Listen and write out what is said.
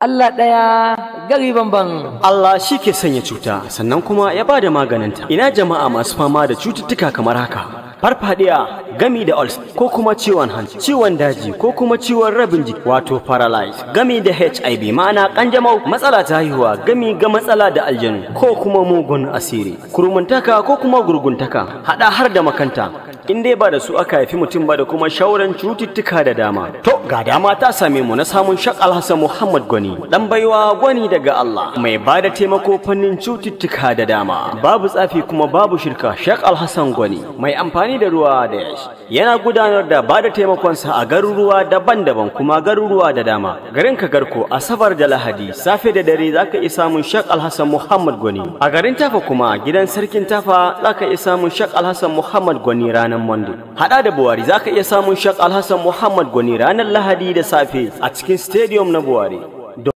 Allah ɗaya gari banban. Allah shi ke sanya cuta sannan kuma ya ba da maganinta. Ina jama'a masu fama da cututtuka kamar haka. farfadiya gami da ulcer ko kuma ciwon hanci ciwon daji ko kuma ciwon rabin jiki wato paralyze gami da hiv ma'ana kanjamau matsala ta haihuwa gami ga matsala da aljanu ko kuma mugun asiri kurmuntaka ko kuma gurguntaka hada har da makanta in dai ba da su aka haifi mutum ba da kuma shauran cututtuka da dama to ga dama ta same mu na samun shak alhassan muhammad gwani dan baiwa gwani daga allah mai ba da taimako fannin cututtuka da dama babu tsafi kuma babu shirka shak alhassan gwani mai amfani amfani da ruwa da yashi yana gudanar da ba da taimakonsa a garuruwa daban-daban kuma garuruwa da dama garin kagarko asabar da lahadi safe da dare za ka iya samun shak alhassan muhammad gwani a garin tafa kuma gidan sarkin tafa za ka iya samun shak alhassan muhammad gwani ranar mando hada da buwari za ka iya samun shak alhassan muhammad gwani ranar lahadi da safe a cikin stadium na buwari